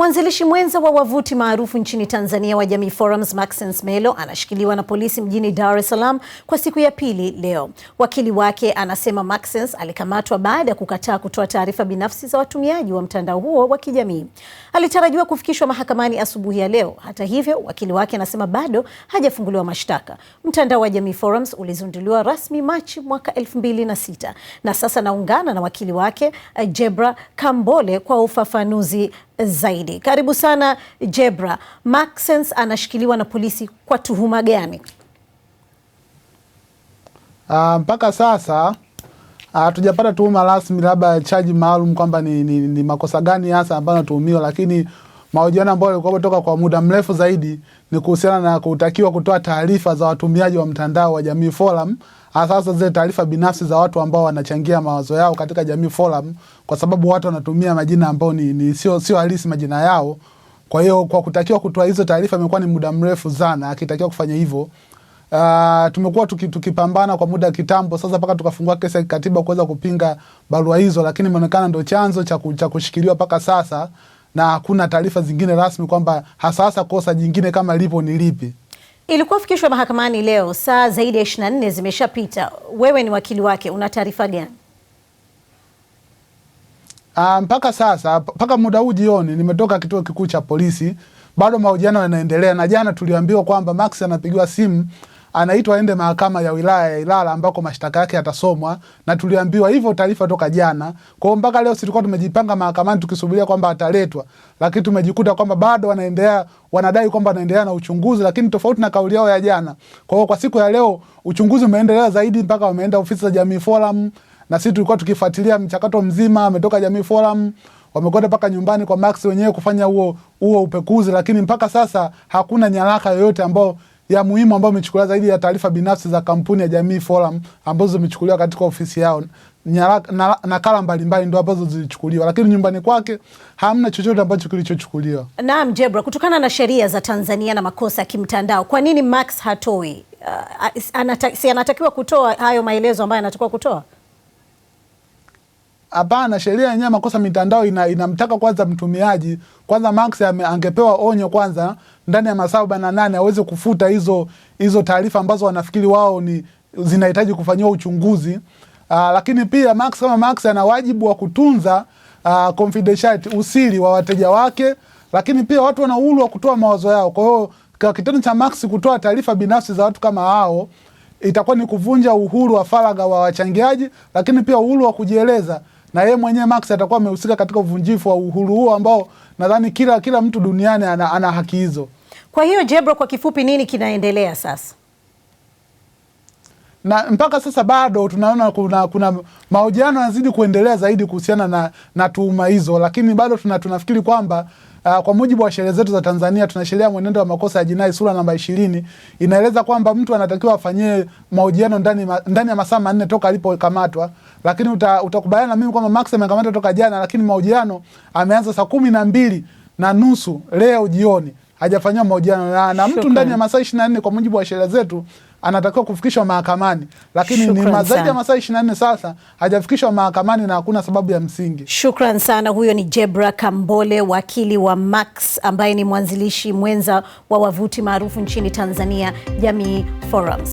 Mwanzilishi mwenza wa wavuti maarufu nchini Tanzania wa Jamii Forums Maxence Melo anashikiliwa na polisi mjini Dar es Salaam kwa siku ya pili leo. Wakili wake anasema Maxence alikamatwa baada ya kukataa kutoa taarifa binafsi za watumiaji wa mtandao huo wa kijamii. Alitarajiwa kufikishwa mahakamani asubuhi ya leo. Hata hivyo, wakili wake anasema bado hajafunguliwa mashtaka. Mtandao wa Jamii Forums ulizinduliwa rasmi Machi mwaka 2006 na sasa naungana na wakili wake eh, Jebra Kambole kwa ufafanuzi zaidi. Karibu sana Jebra. Maxence anashikiliwa na polisi kwa tuhuma gani? Uh, mpaka sasa ah, hatujapata uh, tuhuma rasmi, labda chaji maalum kwamba ni, ni, ni makosa gani hasa ambayo anatuhumiwa, lakini Mahojiano ambayo yalikuwa toka kwa muda mrefu zaidi ni kuhusiana na kutakiwa kutoa taarifa za watumiaji wa mtandao wa Jamii Forum, hasa zile taarifa binafsi za watu ambao wanachangia mawazo yao katika Jamii Forum, kwa sababu watu wanatumia majina ambayo ni, ni sio sio halisi majina yao. Kwa hiyo kwa kutakiwa kutoa hizo taarifa imekuwa ni muda mrefu sana akitakiwa kufanya hivyo. Uh, tumekuwa tukipambana tuki kwa muda kitambo sasa mpaka tukafungua kesi ya kikatiba kuweza kupinga barua hizo, lakini imeonekana ndo chanzo cha kushikiliwa mpaka sasa na hakuna taarifa zingine rasmi kwamba hasa kosa jingine kama lipo ni lipi. Ilikuwa fikishwa mahakamani leo, saa zaidi ya 24 zimeshapita. Wewe ni wakili wake, una taarifa gani? Ah, mpaka sasa, mpaka muda huu jioni, nimetoka kituo kikuu cha polisi, bado mahojiano yanaendelea, na jana tuliambiwa kwamba Max anapigiwa simu anaitwa aende mahakama ya wilaya ya Ilala ambako mashtaka yake yatasomwa, na tuliambiwa hivyo taarifa toka jana. Kwa hiyo mpaka leo tulikuwa tumejipanga mahakamani tukisubiria kwamba ataletwa, lakini tumejikuta kwamba bado wanaendelea, wanadai kwamba wanaendelea na uchunguzi, lakini tofauti na kauli yao ya jana. Kwa hiyo kwa siku ya leo uchunguzi umeendelea zaidi mpaka wameenda ofisi za Jamii Forum, na sisi tulikuwa tukifuatilia mchakato mzima. Ametoka Jamii Forum wamekwenda mpaka nyumbani kwa Max wenyewe kufanya huo huo upekuzi, lakini mpaka sasa hakuna nyaraka yoyote ambayo ya muhimu ambayo imechukuliwa zaidi ya taarifa binafsi za kampuni ya Jamii Forum ambazo zimechukuliwa katika ofisi yao na, nakala mbalimbali ndo ambazo zilichukuliwa, lakini nyumbani kwake hamna chochote ambacho kilichochukuliwa. Naam, Jebra, kutokana na sheria za Tanzania na makosa ya kimtandao, kwa nini Max hatoi uh, anata, si anatakiwa kutoa hayo maelezo ambayo anatakiwa kutoa? Hapana, sheria yenyewe makosa mitandao ina, inamtaka kwanza mtumiaji kwanza Max angepewa onyo kwanza ndani ya masaa arobaini na nane aweze kufuta hizo hizo taarifa ambazo wanafikiri wao ni zinahitaji kufanyiwa uchunguzi. Aa, ah, lakini pia Max kama Max ana wajibu wa kutunza aa, ah, confidentiality usiri wa wateja wake, lakini pia watu wana uhuru wa kutoa mawazo yao. Kwa hiyo kitendo cha Max kutoa taarifa binafsi za watu kama hao itakuwa ni kuvunja uhuru wa faragha wa wachangiaji, lakini pia uhuru wa kujieleza na yeye mwenyewe Max atakuwa amehusika katika uvunjifu wa uhuru huo ambao nadhani kila kila mtu duniani ana, ana haki hizo. Kwa hiyo Jebro, kwa kifupi, nini kinaendelea sasa? na mpaka sasa bado tunaona kuna, kuna mahojiano yanazidi kuendelea zaidi kuhusiana na, na tuhuma hizo, lakini bado tuna, tunafikiri kwamba Uh, kwa mujibu wa sheria zetu za Tanzania tuna sheria ya mwenendo wa makosa ya jinai sura namba ishirini inaeleza kwamba mtu anatakiwa afanyie mahojiano ndani, ndani ya masaa manne toka alipokamatwa, lakini uta, utakubaliana na mimi kwamba Max amekamatwa toka jana, lakini mahojiano ameanza saa kumi na mbili na nusu leo jioni hajafanyiwa mahojiano na mtu ndani ya masaa 24 kwa mujibu wa sheria zetu anatakiwa kufikishwa mahakamani, lakini Shukran ni zaidi ya masaa 24 sasa hajafikishwa mahakamani na hakuna sababu ya msingi. Shukran sana. Huyo ni Jebra Kambole, wakili wa Max ambaye ni mwanzilishi mwenza wa wavuti maarufu nchini Tanzania, Jamii Forums.